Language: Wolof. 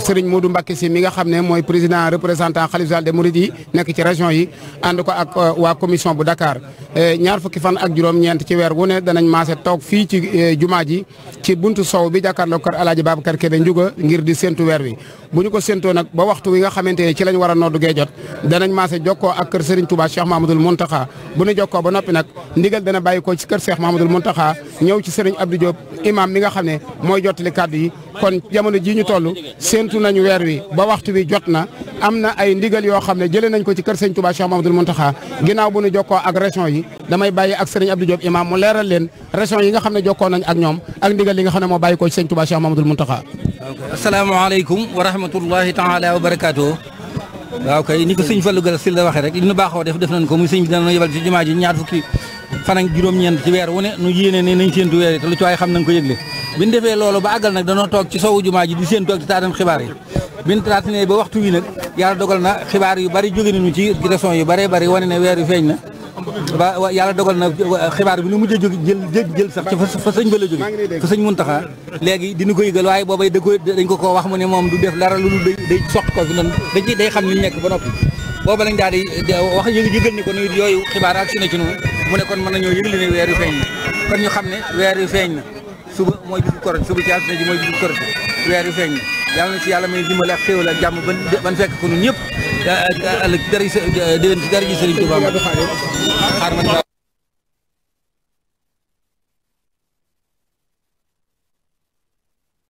Serigne Modou Mbacké si mi nga xam ne mooy président représentant Khalife Sall des Mourides yi nekk ci région yi ànd ko ak euh, waa commission bu Dakar Eh, ñaar fukki fan ak juróom-ñeent ci weer wu ne danañ maase toog fii ci eh, jumaa ji ci buntu sow bi jàkkaarloo kër alaaji Babacar Kebe Njuga ngir di séntu weer wi bu ñu ko séntoo nag ba waxtu wi nga xamante ne ci lañ war a noddu gee jot danañ maase jokkoo ak kër Serigne Touba Cheikh Mahamadoul Mountakha bu ñu jokkoo ba noppi nag ndigal dana bàyyi ko ci kër Cheikh Mahamadoul Mountakha ñëw ci Serigne Abdou Diop imam mi nga xam ne mooy jottali kàddu yi kon jamono ji ñu toll séntu nañu weer wi ba waxtu wi jot na am na ay ndigal yoo xam ne jëlee nañ ko ci kër sëñ Touba Cheikh Mamadou Mountakha ginnaaw bu ñu jokkoo ak région yi damay bàyyi ak sëriñ Abdou Diop mu leeral leen région yi nga xam ne jokkoo nañ ak ñoom ak ndigal yi nga xam ne moo bàyyi ko ci sëñ Touba Cheikh Mamadou Mountakha asalaamaaleykum wa rahmatullahi taala wa barakaatu waaw kay ni ko sëñ Fallou Gall si la waxee rek li ñu baaxoo def def nañ ko muy sëñ bi dana yebal ci jumaa ji ñaar fukki fan ak juróom-ñeent ci weer wu ne nu yéene ne nañ ñu defee yi bi ñu ba waxtu wi nag yàlla dogal na xibaar yu bari jóge nañu ci régions yu bëree bari wane ne weer yu feeñ na ba yàlla dogal na xibaar bi nu mujj a jóg jël jël sax ci fa sëñ ba la jóge fa sëñ Muntaxa léegi dina ko yëgal waaye boobay da ko dañ wax mu ne moom du def dara lu day day soq ko fi noonu dañ day xam ñu nekk ba noppi booba lañ daal di wax yëgal ni ko nuyu yooyu xibaar ak si na ci ne kon mën nañoo yëgle ne weer yu feeñ na kon xam ne weer yu feeñ na suba mooy bisu korot suba ci altine ji mooy bisu korot weer yu feeñ na yàlla na ci yàlla may dimbal ak xéewal ak jàmm ban ban fekk ko ñun ñëpp. ak àll ci dara ci dara ci Sëriñ Tuubaa xaar man